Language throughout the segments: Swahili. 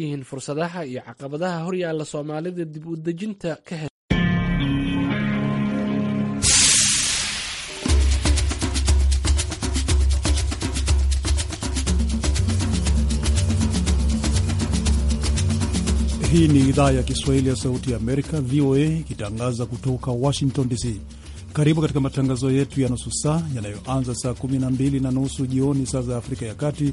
yihiin fursadaha iyo caqabadaha horyaalla soomaalida dib u dejinta ka hel Hii ni idhaa ya Kiswahili ya Sauti ya Amerika, VOA, ikitangaza kutoka Washington DC. Karibu katika matangazo yetu ya nusu saa yanayoanza saa 12 na nusu jioni saa za Afrika ya Kati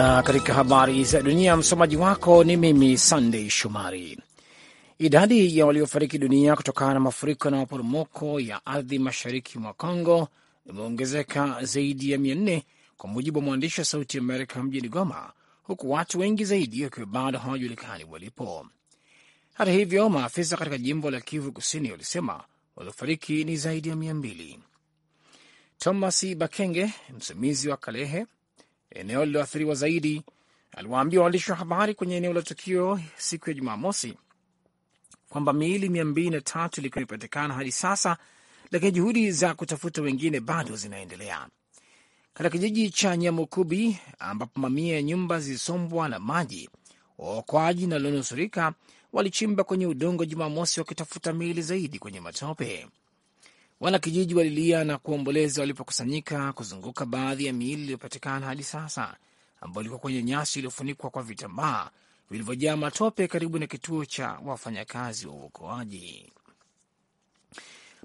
Na katika habari za dunia, msomaji wako ni mimi Sandei Shumari. Idadi ya waliofariki dunia kutokana na mafuriko na maporomoko ya ardhi mashariki mwa congo imeongezeka zaidi ya mia nne kwa mujibu wa mwandishi wa Sauti ya Amerika mjini Goma, huku watu wengi zaidi wakiwa bado hawajulikani walipo. Hata hivyo, maafisa katika jimbo la Kivu Kusini walisema waliofariki ni zaidi ya mia mbili. Thomas Bakenge, msimamizi wa Kalehe eneo lililoathiriwa zaidi, aliwaambia waandishi wa habari kwenye eneo la tukio siku ya Jumamosi kwamba miili mia mbili na tatu ilikuwa imepatikana hadi sasa, lakini juhudi za kutafuta wengine bado zinaendelea. Katika kijiji cha Nyamukubi ambapo mamia ya nyumba zilisombwa na maji, waokoaji na walionusurika walichimba kwenye udongo Jumamosi wakitafuta miili zaidi kwenye matope. Wanakijiji walilia na kuomboleza walipokusanyika kuzunguka baadhi ya miili iliyopatikana hadi sasa, ambayo ilikuwa kwenye nyasi iliyofunikwa kwa vitambaa vilivyojaa matope karibu na kituo cha wafanyakazi wa uokoaji.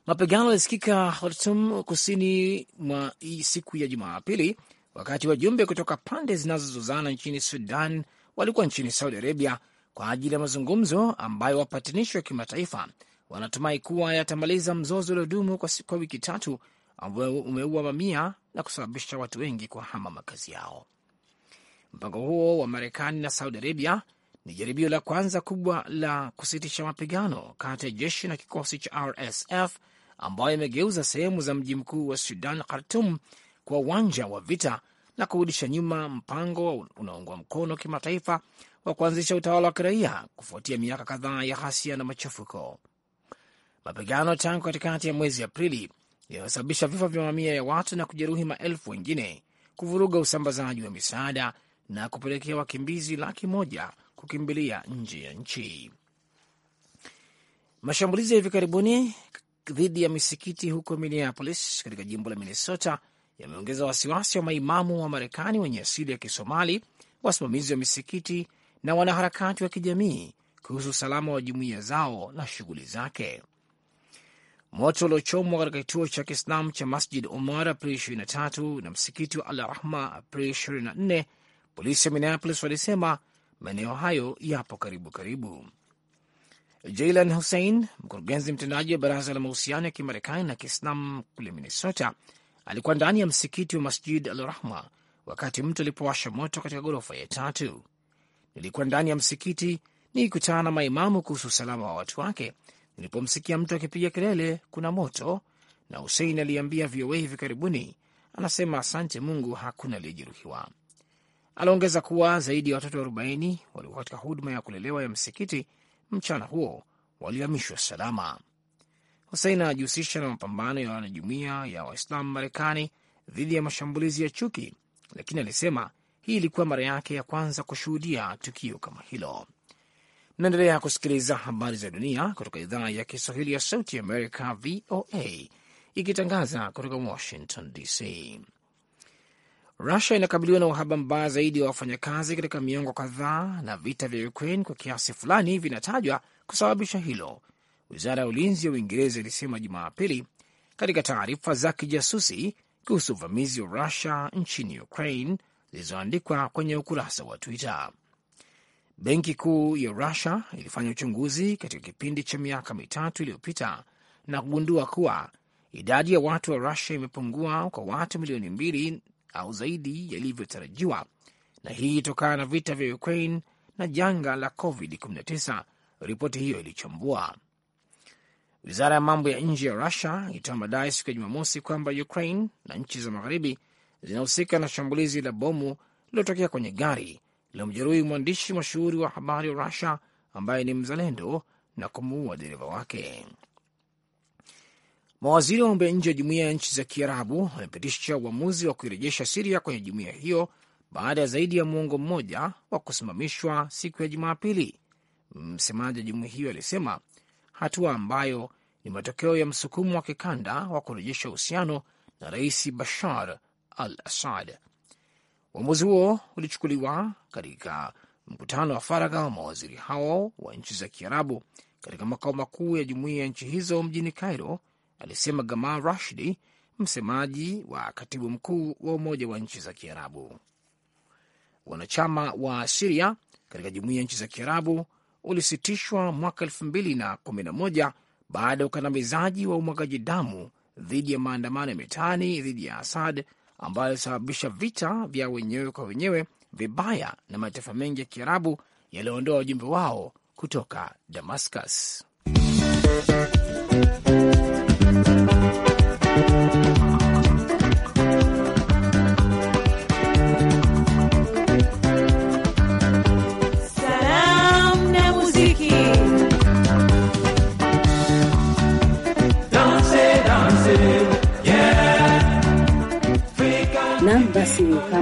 Mapigano yalisikika Khartum kusini mwa siku ya Jumapili wakati wajumbe kutoka pande zinazozozana nchini Sudan walikuwa nchini Saudi Arabia kwa ajili ya mazungumzo ambayo wapatanishi wa kimataifa wanatumai kuwa yatamaliza mzozo uliodumu kwa, kwa wiki tatu ambao umeua mamia na kusababisha watu wengi kuhama makazi yao. Mpango huo wa Marekani na Saudi Arabia ni jaribio la kwanza kubwa la kusitisha mapigano kati ya jeshi na kikosi cha RSF ambayo imegeuza sehemu za mji mkuu wa Sudan, Khartum, kwa uwanja wa vita na kurudisha nyuma mpango unaoungwa mkono kimataifa wa kuanzisha utawala wa kiraia kufuatia miaka kadhaa ya ghasia na machafuko. Mapigano tangu katikati ya mwezi Aprili yaliyosababisha vifo vya mamia ya watu na kujeruhi maelfu wengine, kuvuruga usambazaji wa misaada na kupelekea wakimbizi laki moja kukimbilia nje ya nchi. Mashambulizi ya hivi karibuni dhidi ya misikiti huko Minneapolis katika jimbo la Minnesota yameongeza wasiwasi wa maimamu wa Marekani wenye asili ya Kisomali, wasimamizi wa misikiti na wanaharakati wa kijamii kuhusu usalama wa jumuiya zao na shughuli zake. Moto uliochomwa katika kituo cha Kiislamu cha Masjid Omar Aprili 23 na msikiti wa Al Rahma Aprili 24, polisi wa Minneapolis walisema maeneo hayo yapo karibu karibu. Jalan Hussein, mkurugenzi mtendaji wa baraza la mahusiano ya Kimarekani na Kiislamu kule Minnesota, alikuwa ndani ya msikiti wa Masjid Al Rahma wakati mtu alipowasha moto katika ghorofa ya tatu. Nilikuwa ndani ya msikiti nikikutana na maimamu kuhusu usalama wa watu wake nilipomsikia mtu akipiga kelele kuna moto, na husein aliambia VOA hivi karibuni. Anasema asante Mungu hakuna aliyejeruhiwa. Aliongeza kuwa zaidi ya watoto 40 walikuwa katika huduma ya kulelewa ya msikiti mchana huo walihamishwa salama. husein anajihusisha na mapambano ya wanajumuia ya Waislamu Marekani dhidi ya mashambulizi ya chuki, lakini alisema hii ilikuwa mara yake ya kwanza kushuhudia tukio kama hilo naendelea kusikiliza habari za dunia kutoka idhaa ya Kiswahili ya Sauti Amerika, VOA, ikitangaza kutoka Washington DC. Rusia inakabiliwa na uhaba mbaya zaidi wa wafanyakazi katika miongo kadhaa, na vita vya Ukraine kwa kiasi fulani vinatajwa kusababisha hilo, wizara ya ulinzi ya Uingereza ilisema Jumapili katika taarifa za kijasusi kuhusu uvamizi wa Rusia nchini Ukraine zilizoandikwa kwenye ukurasa wa Twitter. Benki Kuu ya Rusia ilifanya uchunguzi katika kipindi cha miaka mitatu iliyopita na kugundua kuwa idadi ya watu wa Rusia imepungua kwa watu milioni mbili au zaidi yalivyotarajiwa, na hii itokana na vita vya Ukraine na janga la COVID-19. Ripoti hiyo ilichambua. Wizara ya mambo ya nje ya Rusia ilitoa madai siku ya Jumamosi kwamba Ukraine na nchi za magharibi zinahusika na shambulizi la bomu lililotokea kwenye gari lilomjeruhi mwandishi mashuhuri wa habari wa Rusia ambaye ni mzalendo na kumuua dereva wake. Mawaziri wa mambo ya nje ya jumuiya ya nchi za Kiarabu wamepitisha uamuzi wa kuirejesha Siria kwenye jumuiya hiyo baada ya zaidi ya mwongo mmoja wa kusimamishwa siku ya Jumapili. Msemaji wa jumuiya hiyo alisema hatua ambayo ni matokeo ya msukumo wa kikanda wa kurejesha uhusiano na Rais Bashar al Assad. Uamuzi huo ulichukuliwa katika mkutano wa faragha wa mawaziri hao wa nchi za Kiarabu katika makao makuu ya jumuiya ya nchi hizo mjini Cairo, alisema Gamal Rashdi, msemaji wa katibu mkuu wa Umoja wa Nchi za Kiarabu. Wanachama wa Siria katika jumuiya ya nchi za Kiarabu ulisitishwa mwaka elfu mbili na kumi na moja baada ya ukandamizaji wa umwagaji damu dhidi ya maandamano ya mitaani dhidi ya Asad ambayo yalisababisha vita vya wenyewe kwa wenyewe vibaya na mataifa mengi ya Kiarabu yaliyoondoa wajumbe wao kutoka Damascus.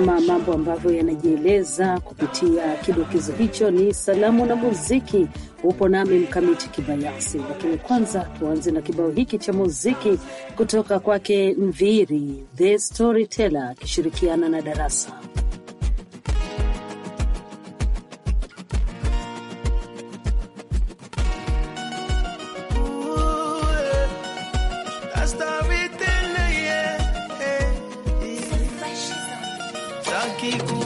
ama mambo ambavyo yanajieleza kupitia kidokezo hicho ni salamu na muziki. Upo nami Mkamiti Kibayasi, lakini kwanza tuanze na kibao hiki cha muziki kutoka kwake Mviri the Storyteller akishirikiana na Darasa. qui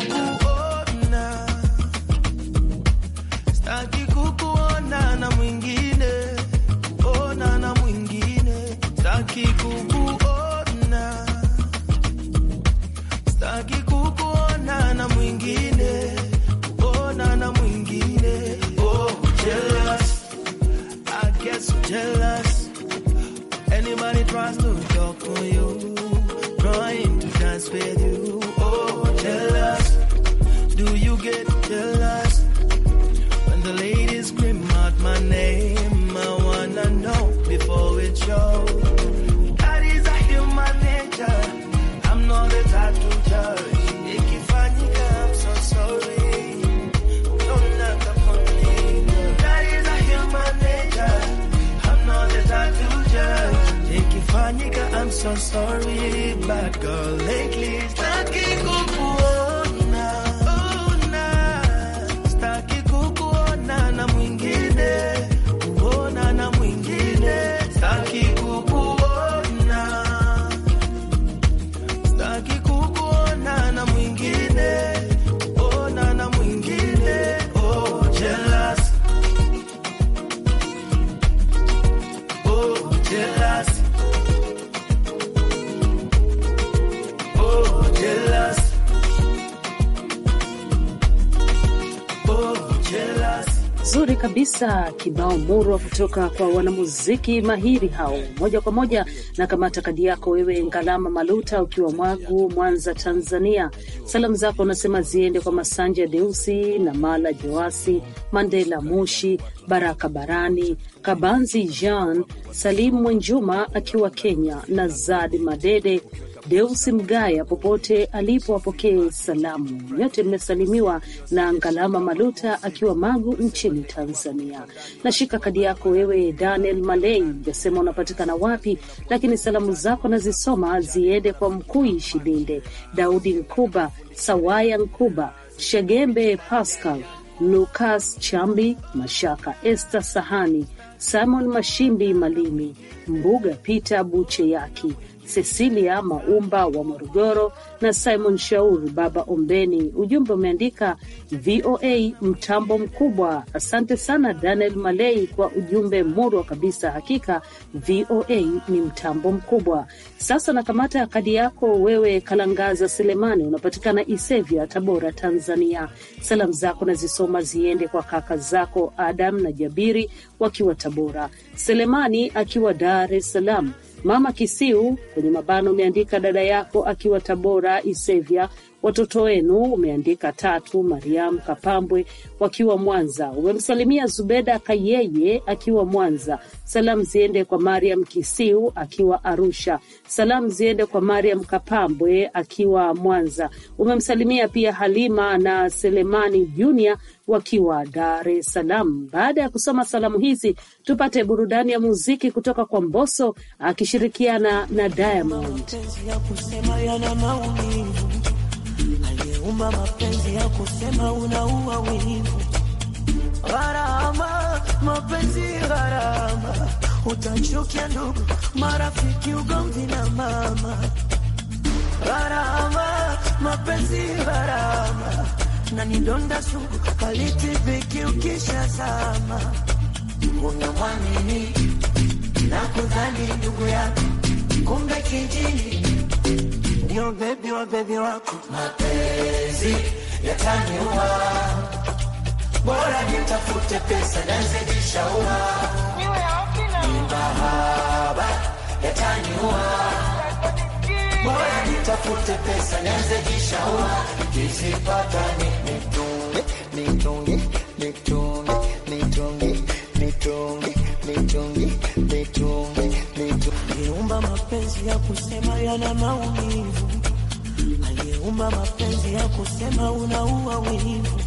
so sorry, bad girl. Lately, it's not getting kabisa kibao murwa kutoka kwa wanamuziki mahiri hao. Moja kwa moja na kamata kadi yako wewe, Ngalama Maluta, ukiwa Mwagu, Mwanza, Tanzania. Salamu zako unasema ziende kwa Masanja Deusi na Mala Joasi, Mandela Mushi, Baraka Barani, Kabanzi Jean, Salimu Mwenjuma akiwa Kenya na Zadi Madede Deusi Mgaya popote alipo apokee salamu. Nyote mmesalimiwa na Ngalama Maluta akiwa Magu nchini Tanzania. Nashika kadi yako wewe Daniel Malei, jasema unapatikana wapi, lakini salamu zako nazisoma ziende kwa Mkui Shilinde, Daudi Nkuba, Sawaya Nkuba, Shegembe Pascal, Lukas Chambi, Mashaka este Sahani, Simon Mashimbi Malimi, Mbuga Peter Buche Yaki Cecilia Maumba wa Morogoro na Simon Shauri Baba Ombeni. Ujumbe umeandika VOA mtambo mkubwa. Asante sana Daniel Malei kwa ujumbe murwa kabisa. Hakika VOA ni mtambo mkubwa. Sasa nakamata kadi yako wewe, Kalangaza Selemani, unapatikana Isevya, Tabora, Tanzania. Salamu zako nazisoma ziende kwa kaka zako Adam na Jabiri wakiwa Tabora, Selemani akiwa Dar es Salaam, Mama Kisiu kwenye mabano ameandika dada yako akiwa Tabora Isevya Watoto wenu umeandika Tatu Mariam Kapambwe wakiwa Mwanza, umemsalimia Zubeda Kayeye akiwa Mwanza. Salamu ziende kwa Mariam Kisiu akiwa Arusha. Salamu ziende kwa Mariam Kapambwe akiwa Mwanza. Umemsalimia pia Halima na Selemani Junior wakiwa Dar es Salaam. Baada ya kusoma salamu hizi, tupate burudani ya muziki kutoka kwa mboso akishirikiana na Diamond kuuma mapenzi ya kusema unaua wivu, gharama mapenzi gharama, utachukia ndugu, marafiki, ugomvi na mama, gharama mapenzi gharama, na nidonda sugu kalitibiki ukisha zama, unamwamini na kudhani ndugu yako kumbe kijini Ndiyo bebi wa bebi wako, mapenzi yataniua, bora nitafute pesa nazijishaua, mahaba yataniua, nitafute pesa nazijishaua, nikizipata nitunge, nitunge, nitunge, nitunge, nitunge, nitunge, nitunge, nitunge, niumba mapenzi ya kusema yana maumivu aliyeumba mapenzi ya kusema unaua wivu.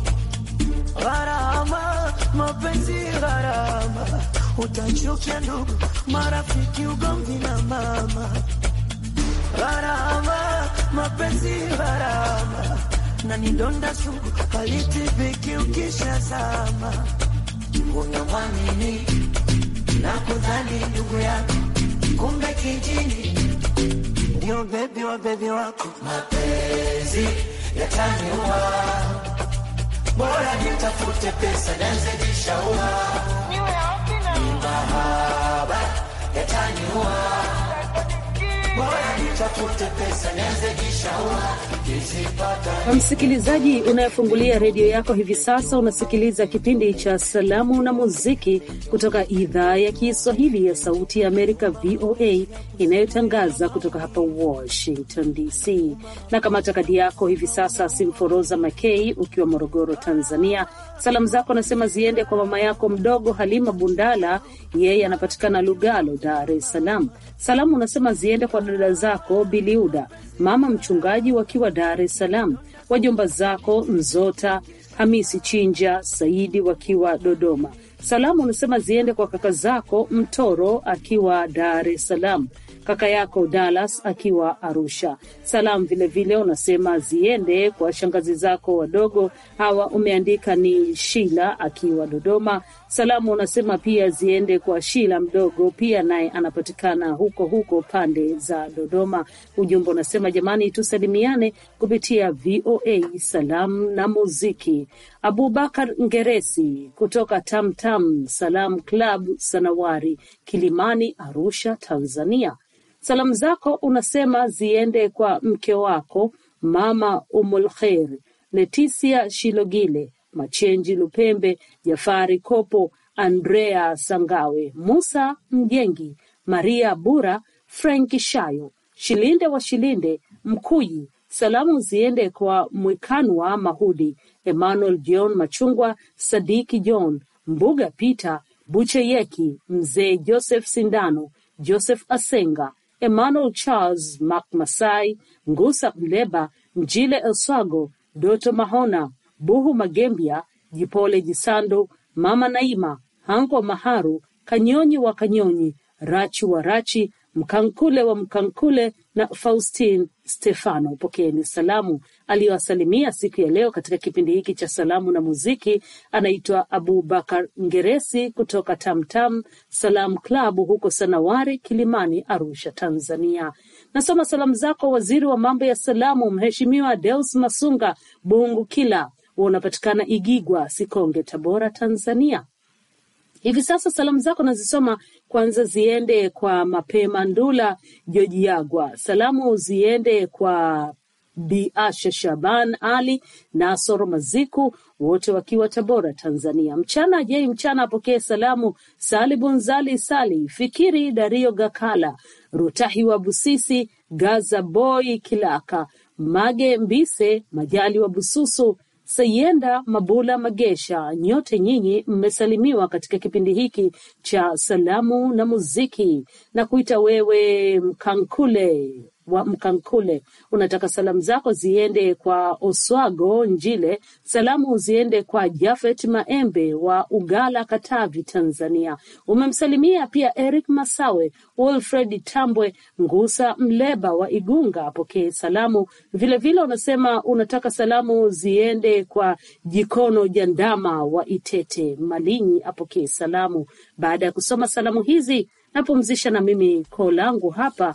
Gharama mapenzi gharama, utachukia ndugu, marafiki, ugomvi na mama. Gharama mapenzi gharama, na nidonda sugu halitibiki ukishazama. Unamwamini na kudhani ndugu yako, kumbe kijini ndio bebi wa bebi wako, mapenzi yataniua, bora nitafute pesa nianze jishaua, mahaba yataniua, bora nitafute pesa nianze Msikilizaji unayefungulia redio yako hivi sasa, unasikiliza kipindi cha Salamu na Muziki kutoka idhaa ya Kiswahili ya Sauti ya Amerika, VOA, inayotangaza kutoka hapa Washington DC. Na kamata kadi yako hivi sasa, Simforoza Makei, ukiwa Morogoro, Tanzania. Salamu zako anasema ziende kwa mama yako mdogo Halima Bundala, yeye anapatikana Lugalo, Dar es Salaam. Salamu unasema ziende kwa dada zako Biliuda, mama mchu wachungaji wakiwa Dar es Salaam, wajomba zako Mzota Hamisi Chinja Saidi wakiwa Dodoma. Salamu unasema ziende kwa kaka zako Mtoro akiwa Dar es Salaam, kaka yako Dallas akiwa Arusha. Salamu vilevile unasema ziende kwa shangazi zako wadogo hawa, umeandika ni Shila akiwa Dodoma, Salamu unasema pia ziende kwa Shila Mdogo, pia naye anapatikana huko huko pande za Dodoma. Ujumbe unasema jamani, tusalimiane kupitia VOA salamu na muziki. Abubakar Ngeresi kutoka Tamtam Salam Club Sanawari, Kilimani, Arusha, Tanzania. Salamu zako unasema ziende kwa mke wako Mama Umulkhair Letisia Shilogile Machenji Lupembe, Jafari Kopo, Andrea Sangawe, Musa Mjengi, Maria Bura, Frank Shayo, Shilinde wa Shilinde, Mkuyi. Salamu ziende kwa Mwikanwa Mahudi, Emmanuel John Machungwa, Sadiki John, Mbuga Peter, Bucheyeki, Mzee Joseph Sindano, Joseph Asenga, Emmanuel Charles Mak Masai, Ngusa Mleba, Mjile Elswago, Doto Mahona, Buhu magembia Jipole Jisando, Mama Naima, hango Maharu, Kanyonyi wa Kanyonyi, Rachi wa Rachi, Mkankule wa Mkankule na Faustin Stefano. Pokeeni salamu. Aliyowasalimia siku ya leo katika kipindi hiki cha salamu na muziki anaitwa Abubakar Ngeresi kutoka Tamtam salam Klabu huko Sanawari, Kilimani, Arusha, Tanzania. Nasoma salamu zako, waziri wa mambo ya salamu, Mheshimiwa Deus Masunga Bungu Kila huo unapatikana Igigwa, Sikonge, Tabora, Tanzania. Hivi sasa salamu zako nazisoma kwanza, ziende kwa Mapema Ndula Jojiagwa, salamu ziende kwa Biasha Shaban Ali Nasoro Maziku, wote wakiwa Tabora, Tanzania. Mchana Jei Mchana apokee salamu Salibunzali Sali Fikiri Dario Gakala Rutahi wa Busisi Gaza Boy Kilaka Mage Mbise Majali wa Bususu Sayenda Mabula Magesha, nyote nyinyi mmesalimiwa katika kipindi hiki cha salamu na muziki, na kuita wewe Mkankule wa Mkankule. Unataka salamu zako ziende kwa Oswago Njile, salamu ziende kwa Jafet Maembe wa Ugala, Katavi, Tanzania. Umemsalimia pia Eric Masawe, Wilfred Tambwe, Ngusa Mleba wa Igunga, apokee salamu vilevile. Vile unasema unataka salamu ziende kwa Jikono Jandama wa Itete, Malinyi, apokee salamu. Baada ya kusoma salamu hizi napumzisha na mimi koo langu hapa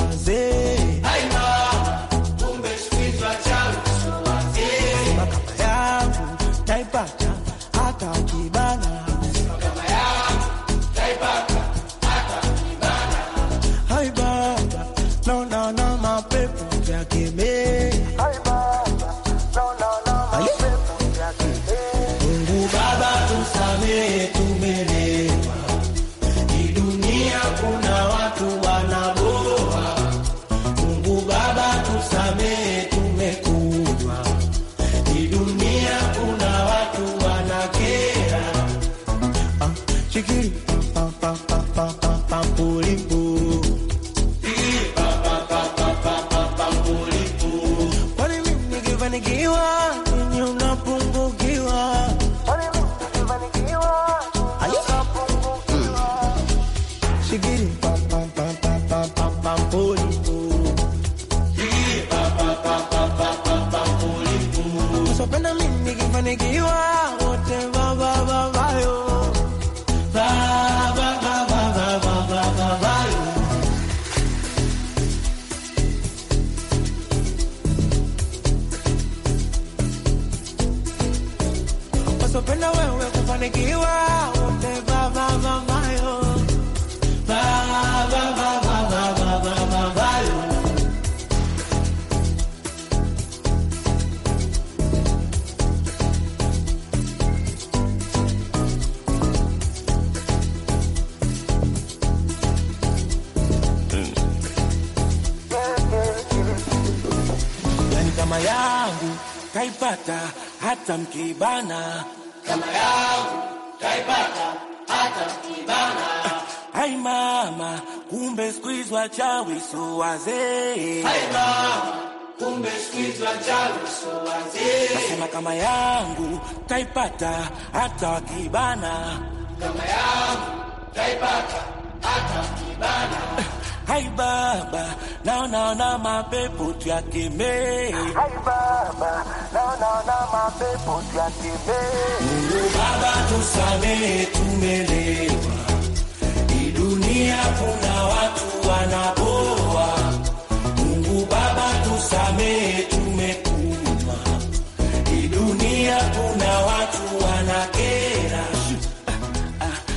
no, no, wachawi so wazee nasema kama yangu taipata hata wakibana kama yangu taipata wakibana. Hai baba naona na mapepo kime. Hai baba naona na mapepo tuyakemee. Mungu baba tusamehe, tumelewa dunia kuna watu wanaboa. Mungu Baba tusamehe, tumekuma. Hii dunia kuna watu wanakera.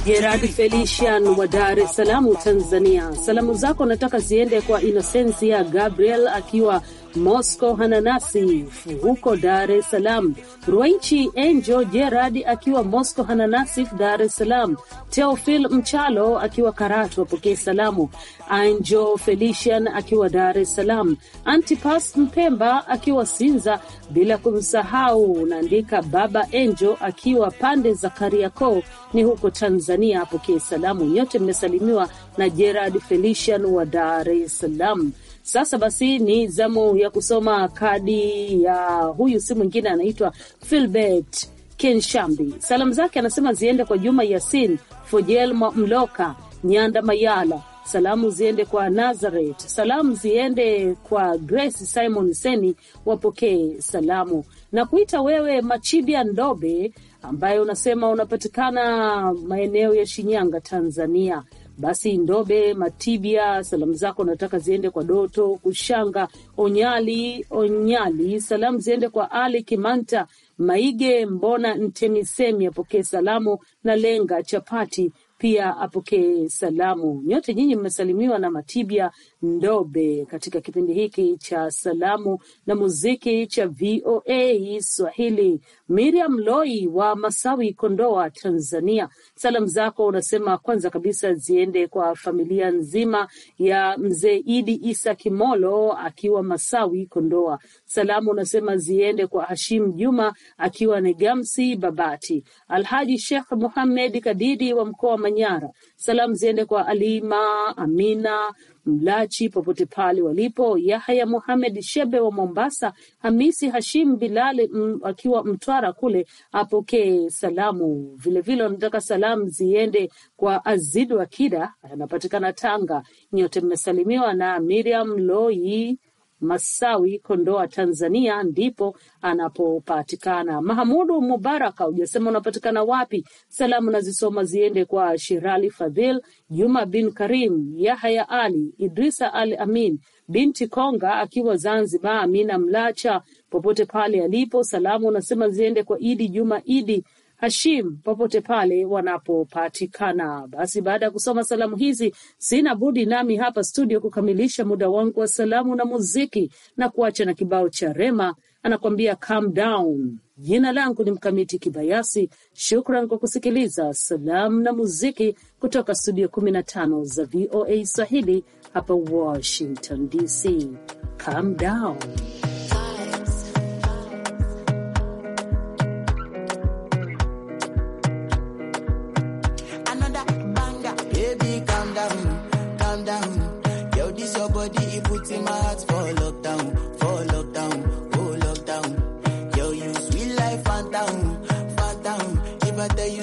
Gerard Felician wa Dar es Salaam, Tanzania, salamu zako nataka ziende kwa Inosensia Gabriel akiwa Mosco Hananasi huko Dar es Salaam, Ruaichi Enjo Gerard akiwa Mosco Hananasif Dar es Salaam, Teofil Mchalo akiwa Karatu apokee salamu, Anjo Felician akiwa Dar es Salaam, Antipas Mpemba akiwa Sinza, bila kumsahau unaandika Baba Enjo akiwa pande za Kariakoo ni huko Tanzania apokee salamu. Nyote mmesalimiwa na Gerard Felician wa Dar es Salaam. Sasa basi, ni zamu ya kusoma kadi ya huyu, si mwingine anaitwa filbert Kenshambi. Salamu zake anasema ziende kwa Juma Yasin, Fojel Mloka, Nyanda Mayala. Salamu ziende kwa nazaret Salamu ziende kwa Grace Simon Seni, wapokee salamu na kuita wewe Machibia Ndobe ambaye unasema unapatikana maeneo ya Shinyanga, Tanzania basi Ndobe Matibia, salamu zako nataka ziende kwa Doto Kushanga, Onyali Onyali, salamu ziende kwa Ali Kimanta Maige, Mbona Ntemisemi apokee salamu na Lenga Chapati pia apokee salamu. Nyote nyinyi mmesalimiwa na Matibia Ndobe katika kipindi hiki cha salamu na muziki cha VOA Swahili. Miriam Loi wa Masawi, Kondoa, Tanzania, salamu zako unasema kwanza kabisa ziende kwa familia nzima ya mzee Idi Isa Kimolo akiwa Masawi, Kondoa. Salamu unasema ziende kwa Hashim Juma akiwa Negamsi, Babati, Alhaji Sheikh Muhamed Kadidi wa mkoa wa Manyara. Salamu ziende kwa Alima Amina Mlachi popote pale walipo, Yahya Muhamed Shebe wa Mombasa, Hamisi Hashim Bilali mm, akiwa Mtwara kule apokee salamu vilevile. Wanataka salamu ziende kwa Azidu Akida, anapatikana Tanga. Nyote mmesalimiwa na Miriam Loi Masawi kondoa Tanzania, ndipo anapopatikana. Mahamudu Mubaraka, ujasema unapatikana wapi. Salamu nazisoma ziende kwa Shirali Fadhil, Juma bin Karim, Yahaya Ali, Idrisa Al Amin, Binti Konga akiwa Zanzibar, Amina Mlacha popote pale alipo. Salamu unasema ziende kwa Idi Juma Idi Hashim popote pale wanapopatikana. Basi baada ya kusoma salamu hizi, sina budi nami hapa studio kukamilisha muda wangu wa salamu na muziki na kuacha na kibao cha Rema anakuambia calm down. Jina langu ni Mkamiti Kibayasi. Shukran kwa kusikiliza salamu na muziki kutoka studio 15 za VOA Swahili hapa Washington DC. Calm down. see my heart for lockdown, for lockdown, for lockdown. Yo, you sweet life, down, phantom, down. If I tell you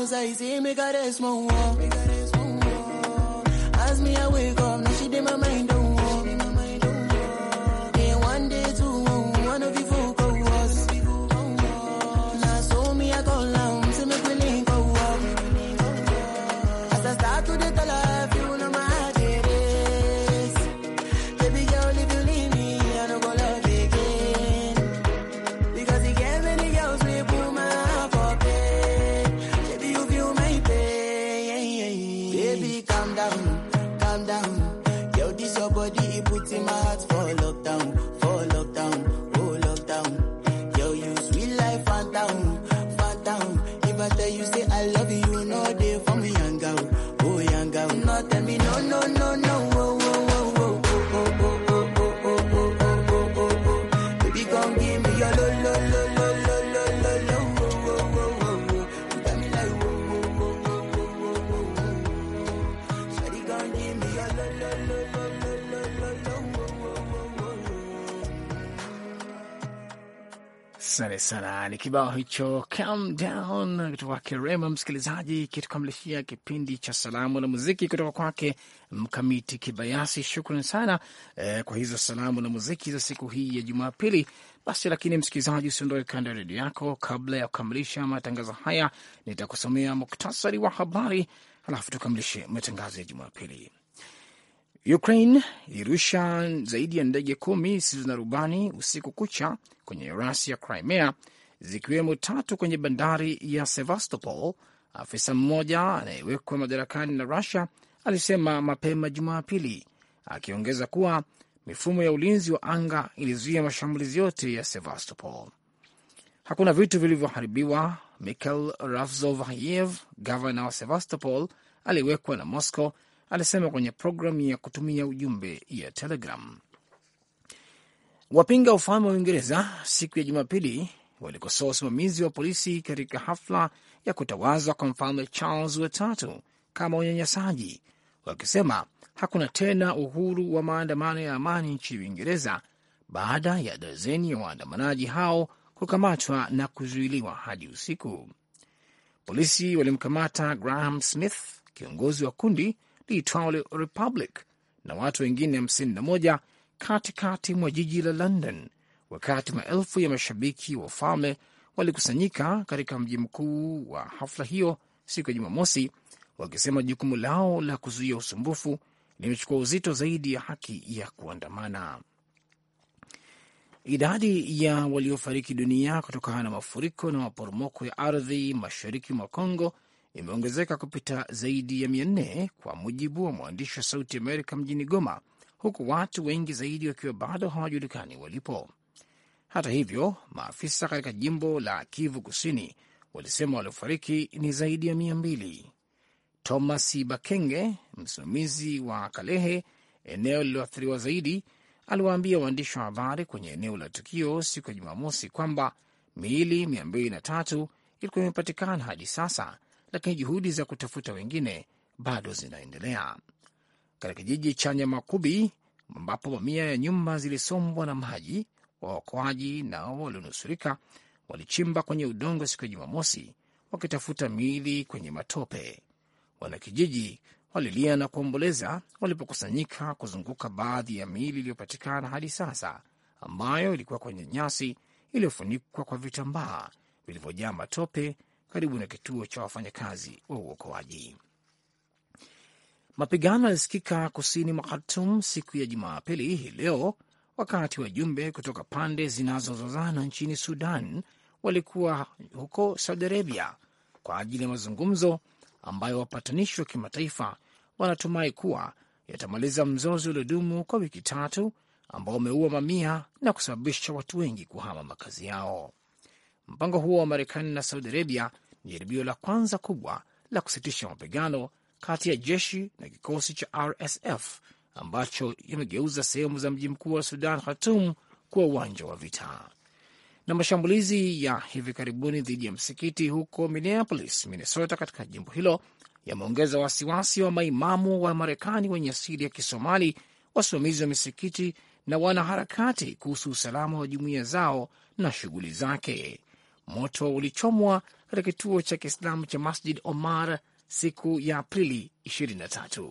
nauzei me mi caresmo. Oh. Asante sana, ni kibao hicho calm down kutoka kwake Rema. Msikilizaji, kitukamilishia kipindi cha salamu na muziki kutoka kwake Mkamiti Kibayasi. Shukran sana eh, kwa hizo salamu na muziki za siku hii ya Jumapili. Basi lakini msikilizaji, usiondoe kando ya redio yako. Kabla ya kukamilisha matangazo haya, nitakusomea muktasari wa habari, halafu tukamilishe matangazo ya Jumapili. Ukraine ilirusha zaidi ya ndege kumi zisizo na rubani usiku kucha kwenye rasi ya Crimea, zikiwemo tatu kwenye bandari ya Sevastopol. Afisa mmoja anayewekwa madarakani na Rusia alisema mapema Jumapili, akiongeza kuwa mifumo ya ulinzi wa anga ilizuia mashambulizi yote ya Sevastopol. Hakuna vitu vilivyoharibiwa. Mikhail Ravzovayev, gavana wa Sevastopol, aliyewekwa na Moscow alisema kwenye programu ya kutumia ujumbe ya Telegram. Wapinga ufalme wa Uingereza siku ya Jumapili walikosoa usimamizi wa polisi katika hafla ya kutawazwa kwa mfalme Charles watatu kama unyanyasaji, wakisema hakuna tena uhuru wa maandamano ya amani nchini Uingereza baada ya dazeni ya waandamanaji hao kukamatwa na kuzuiliwa hadi usiku. Polisi walimkamata Graham Smith, kiongozi wa kundi iitwayo Republic na watu wengine 51 katikati mwa jiji la London, wakati maelfu ya mashabiki wa ufalme walikusanyika katika mji mkuu wa hafla hiyo siku ya Jumamosi, wakisema jukumu lao la kuzuia usumbufu limechukua uzito zaidi ya haki ya kuandamana. Idadi ya waliofariki dunia kutokana na mafuriko na maporomoko ya ardhi mashariki mwa Kongo imeongezeka kupita zaidi ya mia nne kwa mujibu wa mwandishi wa Sauti Amerika mjini Goma, huku watu wengi zaidi wakiwa bado hawajulikani walipo. Hata hivyo, maafisa katika jimbo la Kivu Kusini walisema waliofariki ni zaidi ya mia mbili. Thomas Bakenge, msimamizi wa Kalehe, eneo lililoathiriwa zaidi, aliwaambia waandishi wa habari kwenye eneo la tukio siku ya Jumamosi kwamba miili 203 ilikuwa imepatikana hadi sasa lakini juhudi za kutafuta wengine bado zinaendelea. Katika kijiji cha Nyamakubi ambapo mamia ya nyumba zilisombwa na maji, waokoaji nao walionusurika walichimba kwenye udongo siku ya Jumamosi wakitafuta miili kwenye matope. Wanakijiji walilia na kuomboleza walipokusanyika kuzunguka baadhi ya miili iliyopatikana hadi sasa, ambayo ilikuwa kwenye nyasi iliyofunikwa kwa vitambaa vilivyojaa matope karibu na kituo cha wafanyakazi wa uokoaji. Mapigano yalisikika kusini mwa Khartum siku ya Jumapili hii leo, wakati wajumbe kutoka pande zinazozozana nchini Sudan walikuwa huko Saudi Arabia kwa ajili ya mazungumzo ambayo wapatanishi wa kimataifa wanatumai kuwa yatamaliza mzozo uliodumu kwa wiki tatu ambao umeua mamia na kusababisha watu wengi kuhama makazi yao. Mpango huo wa Marekani na Saudi Arabia ni jaribio la kwanza kubwa la kusitisha mapigano kati ya jeshi na kikosi cha RSF ambacho imegeuza sehemu za mji mkuu wa Sudan, Khartoum, kuwa uwanja wa vita. Na mashambulizi ya hivi karibuni dhidi ya msikiti huko Minneapolis, Minnesota, katika jimbo hilo yameongeza wasiwasi wa maimamu wa Marekani wenye asili ya Kisomali, wasimamizi wa misikiti na wanaharakati kuhusu usalama wa jumuiya zao na shughuli zake. Moto ulichomwa katika kituo cha Kiislamu cha Masjid Omar siku ya Aprili 23.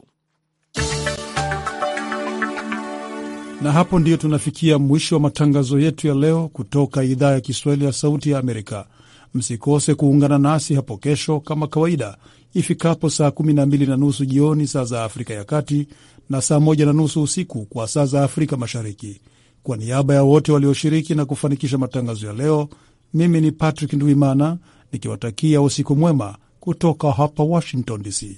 Na hapo ndiyo tunafikia mwisho wa matangazo yetu ya leo kutoka idhaa ya Kiswahili ya Sauti ya Amerika. Msikose kuungana nasi hapo kesho kama kawaida ifikapo saa 12 na nusu jioni saa za Afrika ya Kati na saa 1 na nusu usiku kwa saa za Afrika Mashariki. Kwa niaba ya wote walioshiriki na kufanikisha matangazo ya leo mimi ni Patrick Ndwimana nikiwatakia usiku mwema kutoka hapa Washington DC.